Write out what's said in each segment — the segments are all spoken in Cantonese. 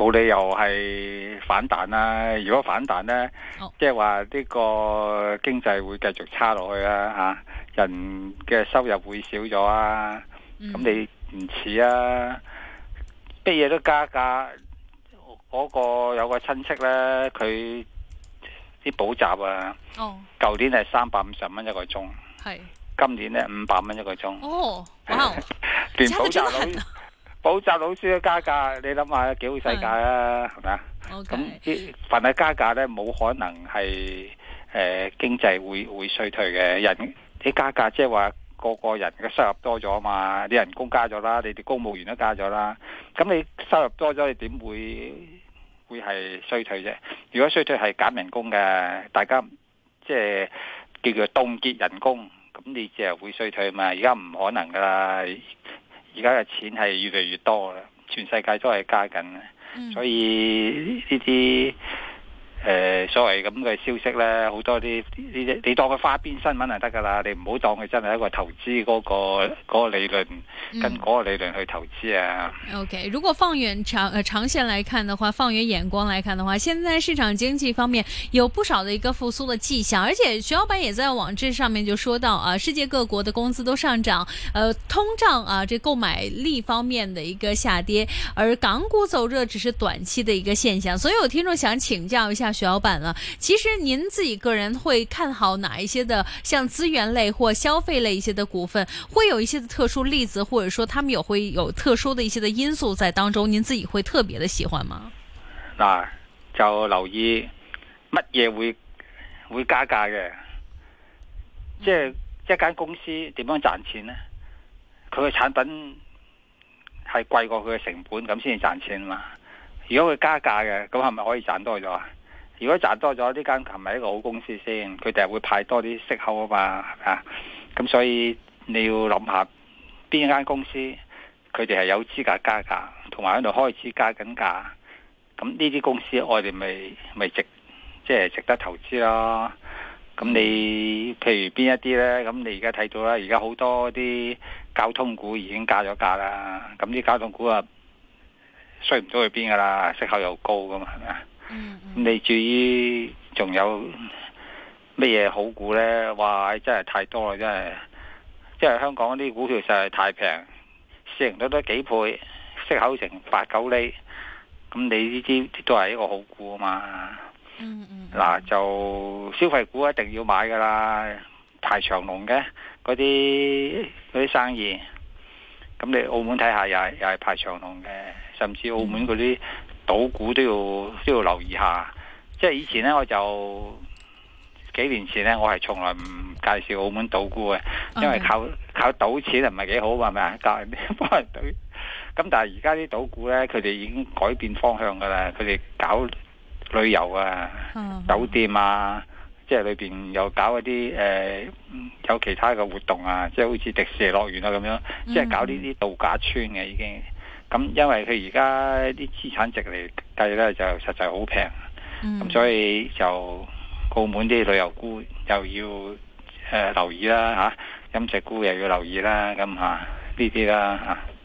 冇理由係反彈啦！如果反彈呢，即係話呢個經濟會繼續差落去啦嚇，人嘅收入會少咗啊！咁你唔似啊，咩嘢都加價。嗰個有個親戚呢，佢啲補習啊，舊年係三百五十蚊一個鐘，係今年呢五百蚊一個鐘。哦，哇！連補習都～補習老師都加價，你諗下幾好世界啊，係咪啊？咁啲凡係加價咧，冇可能係誒、呃、經濟會會衰退嘅。人你加價，即係話個個人嘅收入多咗嘛，啲人工加咗啦，你哋公務員都加咗啦。咁你收入多咗，你點會會係衰退啫？如果衰退係減人工嘅，大家即係、就是、叫做凍結人工，咁你就係會衰退嘛。而家唔可能噶啦。而家嘅錢係越嚟越多啦，全世界都係加緊，所以呢啲。誒、呃，所謂咁嘅消息咧，好多啲，你你當佢花邊新聞就得噶啦，你唔好當佢真係一個投資嗰、那個、那個理論，跟嗰個理論去投資啊。O、okay, K，如果放遠長誒、呃、長綫來看的話，放遠眼光來看的話，現在市場經濟方面有不少嘅一個復甦嘅跡象，而且徐老闆也在網誌上面就說到啊，世界各國的工資都上漲，誒、啊、通脹啊，這購買力方面嘅一個下跌，而港股走熱只是短期嘅一個現象。所以有聽眾想請教一下。徐老闆啊，其實您自己個人會看好哪一些的，像資源類或消費類一些的股份，會有一些特殊例子，或者說他們有會有特殊的一些的因素在當中，您自己會特別的喜歡嗎？嗱、啊，就留意乜嘢會會加價嘅，即係一間公司點樣賺錢呢？佢嘅產品係貴過佢嘅成本，咁先至賺錢嘛。如果佢加價嘅，咁係咪可以賺多咗啊？如果賺多咗呢間，琴咪一個好公司先？佢哋日會派多啲息口啊嘛，啊！咁所以你要諗下邊一間公司，佢哋係有資格加價，同埋喺度開始加緊價。咁呢啲公司我哋咪未值，即係值得投資咯。咁你譬如邊一啲呢？咁你而家睇到啦，而家好多啲交通股已經加咗價啦。咁啲交通股啊，衰唔到去邊噶啦？息口又高噶嘛？係咪啊？你至於仲有乜嘢好股呢？哇！真係太多啦，真係！即係香港啲股票實在太平，市盈率都幾倍，息口成八九厘，咁你呢啲都係一個好股啊嘛！嗱，就消費股一定要買噶啦，排長龍嘅嗰啲嗰啲生意，咁你澳門睇下又係又係排長龍嘅，甚至澳門嗰啲。嗯賭股都要都要留意下，即係以前呢，我就幾年前呢，我係從來唔介紹澳門賭股嘅。Okay. 因為靠靠賭錢就唔係幾好，係咪啊？教人幫人賭，咁 但係而家啲賭股呢，佢哋已經改變方向噶啦，佢哋搞旅遊啊、mm hmm. 酒店啊，即係裏邊又搞一啲誒、呃，有其他嘅活動啊，即係好似迪士尼樂園啊咁樣，mm hmm. 即係搞呢啲度假村嘅已經。咁、嗯、因為佢而家啲資產值嚟計咧，就實在好平，咁、嗯、所以就澳門啲旅遊股又要誒、呃、留意啦嚇，、啊，飲食股又要留意啦，咁嚇呢啲啦嚇。啊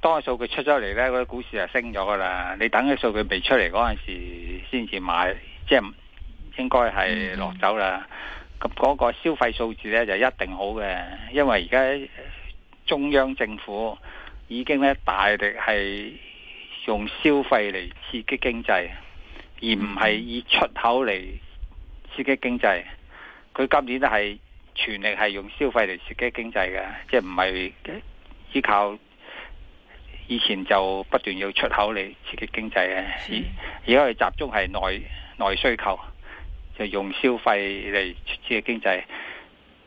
當佢數據出咗嚟呢，嗰啲股市就升咗噶啦。你等佢數據未出嚟嗰陣時，先至買，即係應該係落走啦。咁嗰個消費數字呢就一定好嘅，因為而家中央政府已經咧大力係用消費嚟刺激經濟，而唔係以出口嚟刺激經濟。佢今年都係全力係用消費嚟刺激經濟嘅，即係唔係只靠。以前就不斷要出口嚟刺激經濟嘅，而而家佢集中係內內需求，就用消費嚟刺激經濟。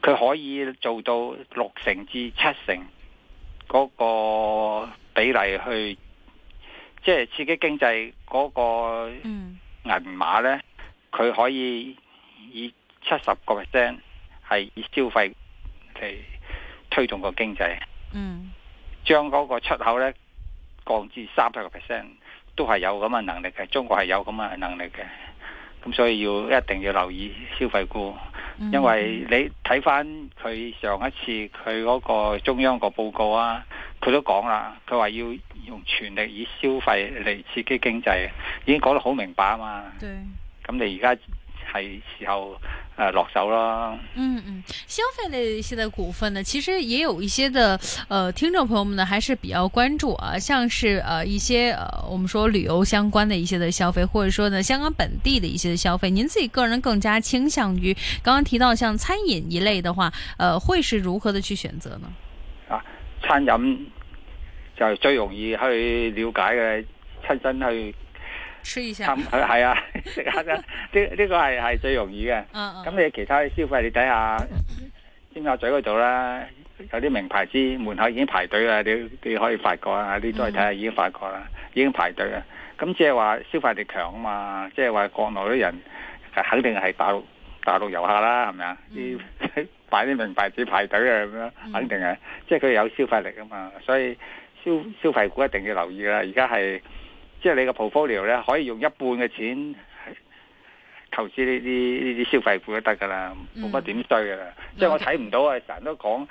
佢可以做到六成至七成嗰個比例去，即係刺激經濟嗰個銀碼咧，佢，嗯，可以以七十個 percent 係以消費嚟推動個經濟，嗯，將嗰個出口咧。降至三百個 percent，都係有咁嘅能力嘅，中國係有咁嘅能力嘅。咁所以要一定要留意消費股，因為你睇翻佢上一次佢嗰個中央個報告啊，佢都講啦，佢話要用全力以消費嚟刺激經濟，已經講得好明白啊嘛，咁你而家係時候。誒，落、啊、手啦。嗯嗯，消費類一些的股份呢，其實也有一些的，呃，聽眾朋友們呢，還是比較關注啊，像是呃一些呃我們說旅遊相關的一些的消費，或者說呢，香港本地的一些的消費，您自己個人更加傾向於剛剛提到像餐飲一類的話，呃會是如何的去選擇呢？啊，餐飲就係最容易去了解嘅，親身去。食一， 一下，係、這、啊、個，食下啫。呢呢個係係最容易嘅。咁你、uh, uh, 其他消費你睇下尖沙咀嗰度啦，有啲名牌子門口已經排隊啦。你你可以發覺啊，啲都係睇下、嗯、已經發覺啦，已經排隊啦。咁即係話消費力強啊嘛，即係話國內啲人肯定係大陸大陸遊客啦，係咪啊？啲擺啲名牌子排隊啊咁樣，肯定係，即係佢有消費力啊嘛。所以消消費股一定要留意啦。而家係。即係你個 portfolio 咧，可以用一半嘅錢投資呢啲呢啲消費股都得噶啦，冇乜點追噶啦。嗯、即係我睇唔到啊，成日都講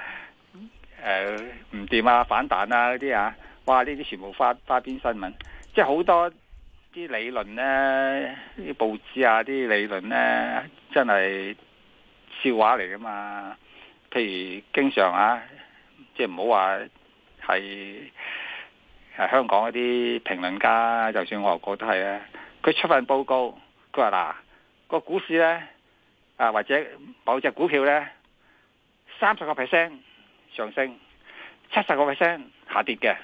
誒唔掂啊，反彈啊嗰啲啊，哇！呢啲全部花花邊新聞，即係好多啲理論咧，啲報紙啊啲理論咧，真係笑話嚟噶嘛？譬如經常啊，即係唔好話係。係、啊、香港嗰啲評論家，就算外國都係咧。佢出份報告，佢話嗱個股市咧，啊或者某隻股票咧，三十個 percent 上升，七十個 percent 下跌嘅。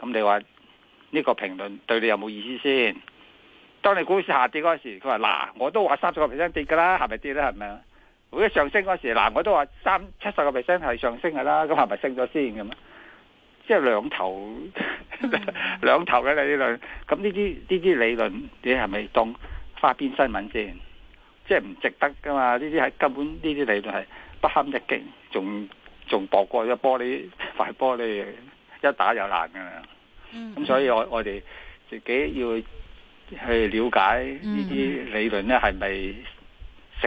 咁你話呢、呢個評論對你有冇意思先？當你股市下跌嗰時，佢話嗱我都話三十個 percent 跌噶啦，係咪跌咧？係咪啊？如果上升嗰時，嗱、啊、我都話三七十個 percent 係上升噶啦，咁係咪升咗先咁啊？即係兩頭兩 頭嘅理論，咁呢啲呢啲理論，你係咪當花邊新聞先？即係唔值得噶嘛？呢啲係根本呢啲理論係不堪一擊，仲仲薄過一玻璃塊玻璃，一打又爛噶啦。咁所以我我哋自己要去了解呢啲理論咧，係咪？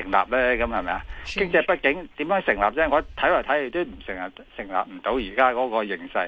成立咧，咁係咪啊？經濟畢竟點樣成立啫？我睇來睇去都唔成啊，成立唔到而家嗰個形勢。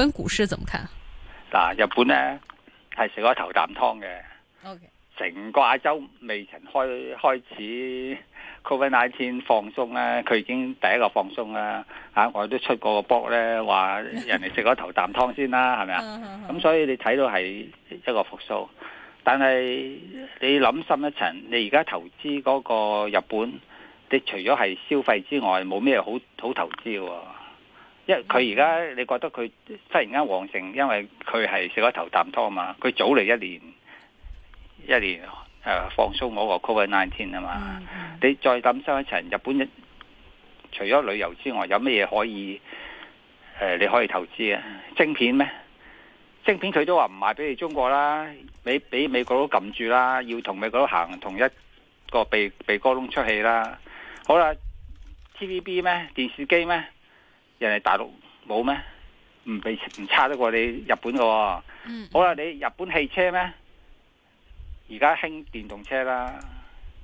跟股市怎麼看？嗱、啊，日本咧係食咗頭啖湯嘅，成 Okay. 個亞洲未曾開開始 Covid nineteen 放鬆咧，佢已經第一個放鬆啦。吓、啊，我都出過個波咧，話人哋食咗頭啖湯先啦，係咪啊？咁、 嗯、所以你睇到係一個復蘇，但係你諗深一層，你而家投資嗰個日本，你除咗係消費之外，冇咩好好投資嘅、啊。佢而家你覺得佢忽然間旺盛，因為佢係食咗頭啖湯嘛。佢早嚟一年，一年誒、啊、放鬆嗰個 Covid nineteen 啊嘛。Mm hmm. 你再抌深一層，日本除咗旅遊之外，有乜嘢可以誒、啊？你可以投資啊？晶片咩？晶片佢都話唔賣俾你中國啦，你俾美國都撳住啦，要同美國都行同一個鼻鼻哥窿出氣啦。好啦，T V B 咩？電視機咩？人哋大陸冇咩？唔比唔差得過你日本嘅、喔。嗯、好啦，你日本汽車咩？而家興電動車啦。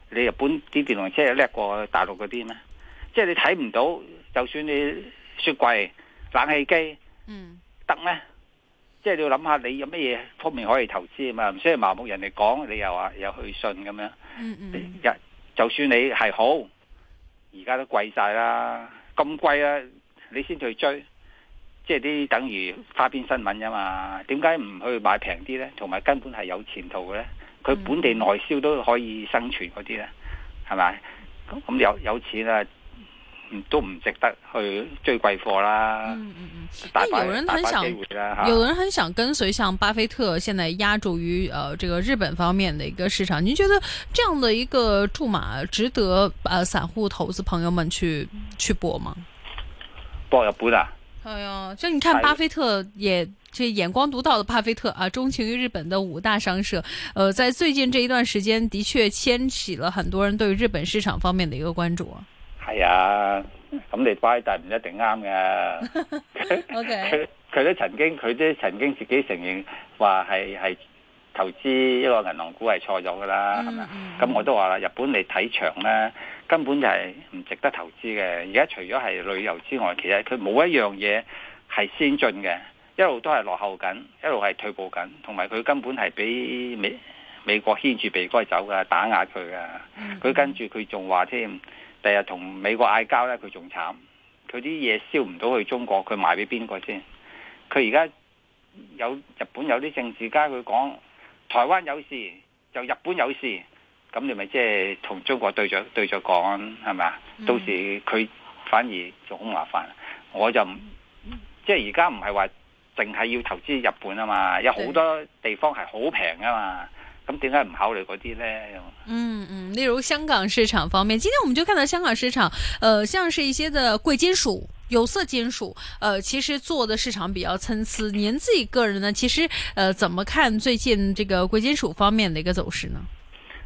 你日本啲電動車有叻過大陸嗰啲咩？即係你睇唔到，就算你雪櫃、冷氣機，得咩、嗯？即係你要諗下，你有咩嘢方面可以投資啊嘛？唔需要盲目人哋講，你又話又去信咁樣。一、嗯嗯、就算你係好，而家都貴晒啦，咁貴啊！你先去追，即係啲等於花邊新聞啊嘛？點解唔去買平啲呢？同埋根本係有前途嘅呢？佢本地內銷都可以生存嗰啲呢，係咪？咁有有錢啊，都唔值得去追貴貨啦。嗯嗯嗯。嗯敗但有人很想，啊、有人很想跟隨，像巴菲特現在押注於誒，這個日本方面的一個市場。您覺得這樣的一個注碼，值得、呃、散戶投資朋友們去去博嗎？搏日本啊！係啊。呀，就你看巴菲特也，這眼光獨到的巴菲特啊，鍾情於日本的五大商社，呃，在最近這一段時間，的確牽起了很多人對日本市場方面的一個關注。係啊，咁你巴菲特唔一定啱嘅。O K，佢佢都曾經，佢都曾經自己承認話係係投資一個銀行股係錯咗噶啦，係咪？咁我都話啦，日本你睇長咧。根本就係唔值得投資嘅。而家除咗係旅遊之外，其實佢冇一樣嘢係先進嘅，一路都係落後緊，一路係退步緊，同埋佢根本係俾美美國牽住鼻哥走噶，打壓佢噶。佢跟住佢仲話添，第日同美國嗌交呢，佢仲慘。佢啲嘢銷唔到去中國，佢賣俾邊個先？佢而家有日本有啲政治家佢講，台灣有事就日本有事。咁你咪即係同中國對著對著講係咪啊？嗯、到時佢反而仲好麻煩。我就、嗯嗯、即係而家唔係話淨係要投資日本啊嘛，有好多地方係好平啊嘛。咁點解唔考慮嗰啲咧？嗯嗯，例如香港市場方面，今天我們就看到香港市場，呃，像是一些的貴金屬、有色金屬，呃，其實做的市場比較參差。您自己個人呢，其實呃，怎麼看最近這個貴金屬方面嘅一個走勢呢？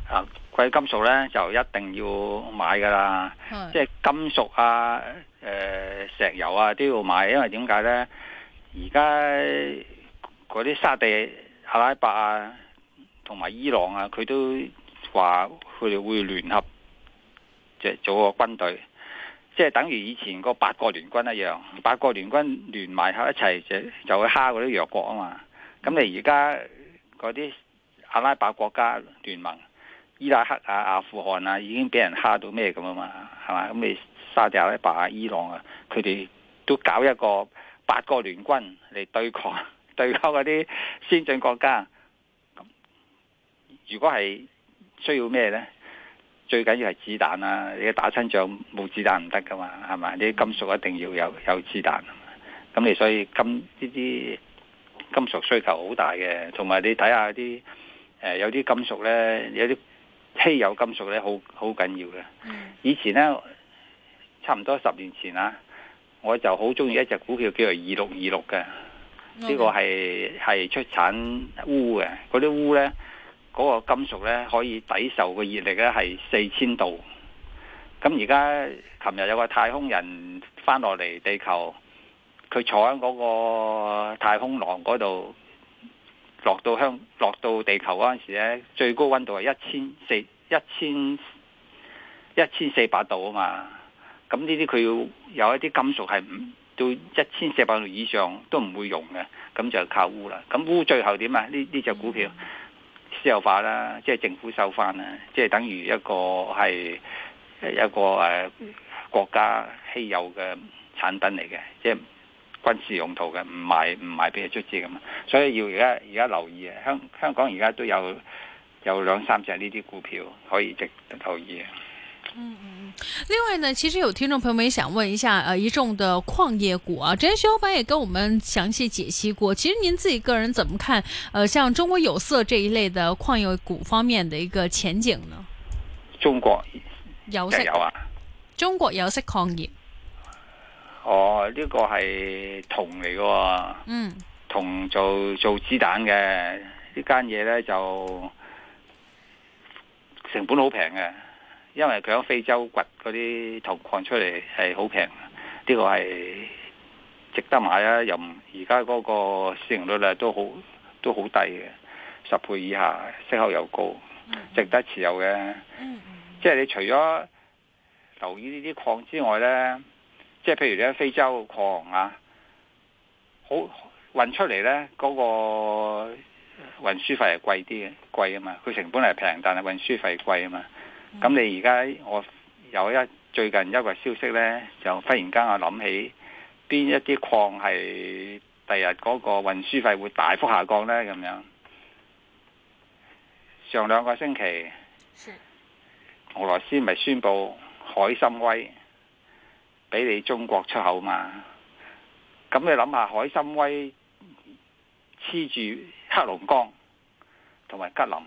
好、嗯。貴金屬咧就一定要買噶啦，即係 金屬啊、誒、呃、石油啊都要買，因為點解咧？而家嗰啲沙地阿拉伯啊，同埋伊朗啊，佢都話佢哋會聯合，即係組個軍隊，即係等於以前個八國聯軍一樣，八國聯軍聯埋合一齊就就會蝦嗰啲弱國啊嘛。咁你而家嗰啲阿拉伯國家聯盟。伊拉克啊、阿富汗啊，已經俾人蝦到咩咁啊嘛，係嘛？咁你沙地阿拉伯、啊、伊朗啊，佢哋都搞一個八國聯軍嚟對抗呵呵對抗嗰啲先進國家。咁如果係需要咩呢？最緊要係子彈啊！你打親仗冇子彈唔得㗎嘛，係嘛？啲金屬一定要有有子彈。咁你所以金呢啲金屬需求好大嘅，同埋你睇下啲誒有啲金屬呢。有啲。稀有金屬咧，好好緊要嘅。以前咧，差唔多十年前啊，我就好中意一隻股票，叫做二六二六嘅。呢、hmm. 個係係出產鎢嘅，嗰啲鎢咧，嗰、嗰個金屬咧，可以抵受嘅熱力咧係四千度。咁而家琴日有個太空人翻落嚟地球，佢坐喺嗰個太空艙嗰度。落到香落到地球嗰陣時咧，最高溫度係一千四一千一千四百度啊嘛！咁呢啲佢要有一啲金屬係唔到一千四百度以上都唔會溶嘅，咁就靠烏啦。咁烏最後點啊？呢呢隻股票私有化啦，即係政府收翻啦，即係等於一個係一個誒國家稀有嘅產品嚟嘅，即係。軍事用途嘅唔係唔係俾佢出資咁嘛，所以要而家而家留意啊！香香港而家都有有兩三隻呢啲股票可以值得留意。意。嗯嗯嗯，另外呢，其實有聽眾朋友也想問一下，誒、呃，一眾的礦業股啊，之前徐老闆也跟我們詳細解析過，其實您自己個人怎麼看，誒、呃，像中國有色這一類的礦業股方面的一個前景呢？中國有色有啊，中國有色礦業。哦，呢個係銅嚟嘅，哦，嗯，銅做做子彈嘅呢間嘢呢就成本好平嘅，因為佢喺非洲掘嗰啲銅礦出嚟係好平，呢個係值得買啊！又而家嗰個市盈率呢都好都好低嘅，十倍以下，息口又高，值得持有嘅。嗯，即係你除咗留意呢啲礦之外呢，即係譬如你喺非洲礦啊，好運出嚟呢，嗰個運輸費係貴啲嘅，貴啊嘛，佢成本係平，但係運輸費貴啊嘛。咁你而家我有一最近一個消息呢，就忽然間我諗起邊一啲礦係第日嗰個運輸費會大幅下降呢。咁樣。上兩個星期，是俄羅斯咪宣布海參崴。俾你中國出口嘛？咁你諗下，海參崴黐住黑龍江同埋吉林，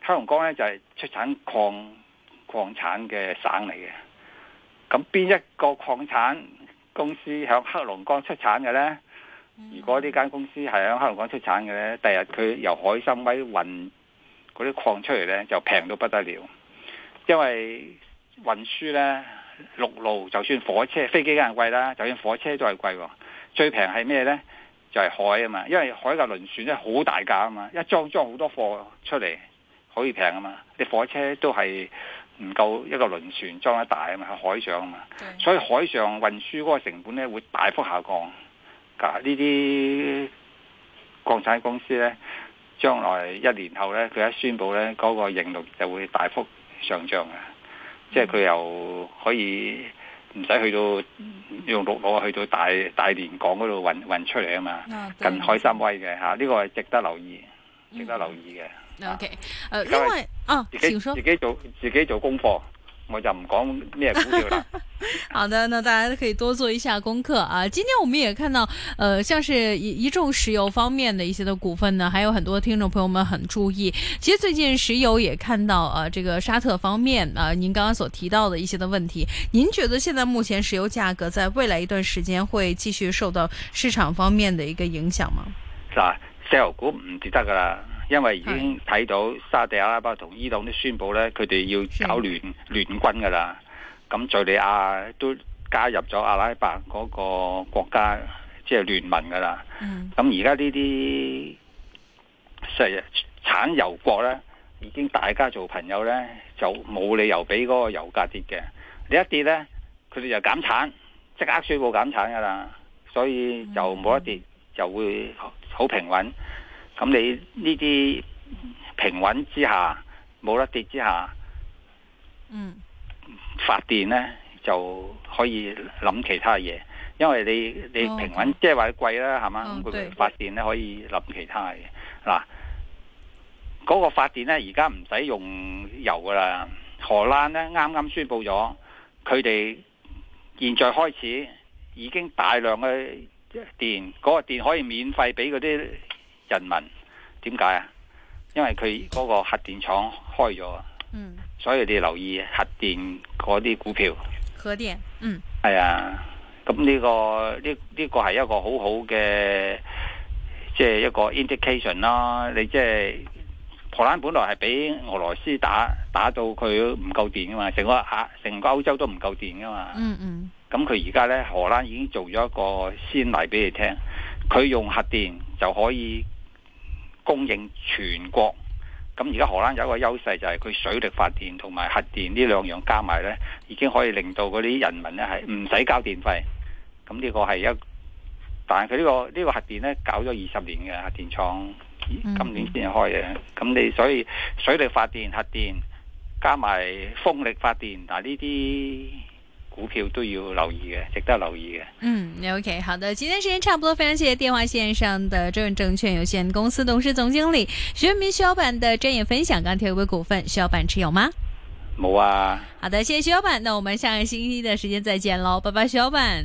黑龍江呢就係出產礦礦產嘅省嚟嘅。咁邊一個礦產公司喺黑龍江出產嘅呢？如果呢間公司係喺黑龍江出產嘅呢，第日佢由海參崴運嗰啲礦出嚟呢，就平到不得了，因為運輸呢。陸路就算火車、飛機梗係貴啦，就算火車都係貴。最平係咩呢？就係海啊嘛，因為海嘅輪船咧好大架啊嘛，一裝裝好多貨出嚟可以平啊嘛。你火車都係唔夠一個輪船裝得大啊嘛，喺海上啊嘛。所以海上運輸嗰個成本咧會大幅下降。呢啲國產公司呢，將來一年後呢，佢一宣布呢，嗰個盈利就會大幅上漲啊！即係佢又可以唔使去到用陸路去到大大連港嗰度運運出嚟啊嘛，啊近海三威嘅嚇，呢、啊這個係值得留意，值得留意嘅。O K，誒，因、okay. 為、uh, 啊，自己自己做自己做功課。我就唔講咩股票啦。 好的，那大家可以多做一下功課啊！今天我們也看到，呃，像是一一眾石油方面的一些的股份呢，還有很多聽眾朋友們很注意。其實最近石油也看到，啊，這個沙特方面，啊，您剛剛所提到的一些的問題，您覺得現在目前石油價格在未來一段時間會繼續受到市場方面的一個影響嗎？嗱、啊，石油股唔值得㗎喇。因為已經睇到沙地阿拉伯同伊朗都宣布咧，佢哋要搞聯聯軍噶啦。咁敘利亞都加入咗阿拉伯嗰個國家，即係聯盟噶啦。咁而家呢啲石油產油國咧，已經大家做朋友咧，就冇理由俾嗰個油價跌嘅。你一跌咧，佢哋就減產，即刻宣布減產噶啦。所以就冇一跌就會好平穩。咁你呢啲平穩之下，冇得跌之下，嗯，發電呢就可以諗其他嘢，因為你你平穩即係話貴啦，係嘛？哦，發電嗰個、發電呢可以諗其他嘢。嗱，嗰個發電呢而家唔使用油噶啦，荷蘭呢啱啱宣布咗佢哋現在開始已經大量嘅電，嗰、嗰個電可以免費俾嗰啲。人民點解啊？因為佢嗰個核電廠開咗，嗯、所以你留意核電嗰啲股票。核電，嗯，係啊。咁呢個呢呢個係一個好好嘅，即係一個 indication 啦。你即係荷蘭本來係俾俄羅斯打打到佢唔夠電噶嘛，成個亞成個歐洲都唔夠電噶嘛。嗯嗯。咁佢而家咧，荷蘭已經做咗一個先例俾你聽，佢用核電就可以。供應全國，咁而家荷蘭有一個優勢就係佢水力發電同埋核電呢兩樣加埋呢，已經可以令到嗰啲人民呢係唔使交電費。咁呢個係一，但係佢呢個呢、呢個核電呢搞咗二十年嘅核電廠，今年先開嘅。咁、嗯、你所以水力發電、核電加埋風力發電，嗱呢啲。股票都要留意嘅，值得留意嘅。嗯，OK，好的，今天時間差不多，非常謝謝電話線上的中原證券有限公司董事總經理徐潤民徐老闆的專業分享。剛才有位股份，徐老闆持有嗎？冇啊。好的，謝謝徐老闆，那我們下個星期一的時間再見咯，拜拜小，徐老闆。